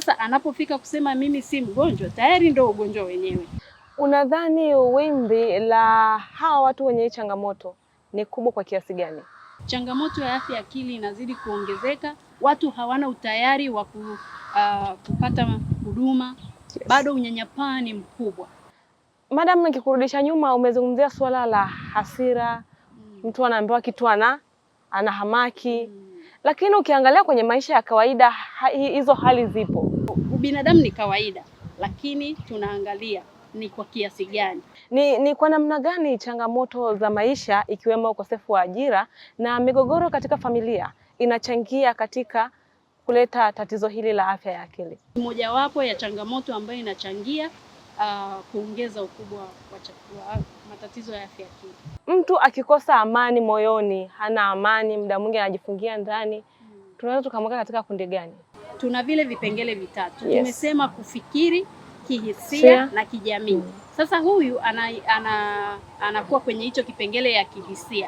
Sasa anapofika kusema mimi si mgonjwa, tayari ndo ugonjwa wenyewe. Unadhani wimbi la hawa watu wenye changamoto ni kubwa kwa kiasi gani? Changamoto ya afya akili inazidi kuongezeka, watu hawana utayari wa ku, uh, kupata huduma yes. Bado unyanyapaa ni mkubwa. Madam, nikikurudisha nyuma, umezungumzia suala la hasira, mm. mtu anaambiwa kitu ana hamaki mm lakini ukiangalia kwenye maisha ya kawaida hizo hali zipo. Ubinadamu ni kawaida, lakini tunaangalia ni kwa kiasi gani, ni, ni kwa namna gani changamoto za maisha ikiwemo ukosefu wa ajira na migogoro katika familia inachangia katika kuleta tatizo hili la afya ya akili. Mojawapo ya changamoto ambayo inachangia uh, kuongeza ukubwa wa matatizo ya afya ya akili mtu akikosa amani moyoni, hana amani, muda mwingi anajifungia ndani, hmm. tunaweza tukamweka katika kundi gani? Tuna vile vipengele vitatu. Yes. Tumesema kufikiri, kihisia na kijamii. Hmm. Sasa huyu ana, ana, kwenye hicho kipengele ya kihisia.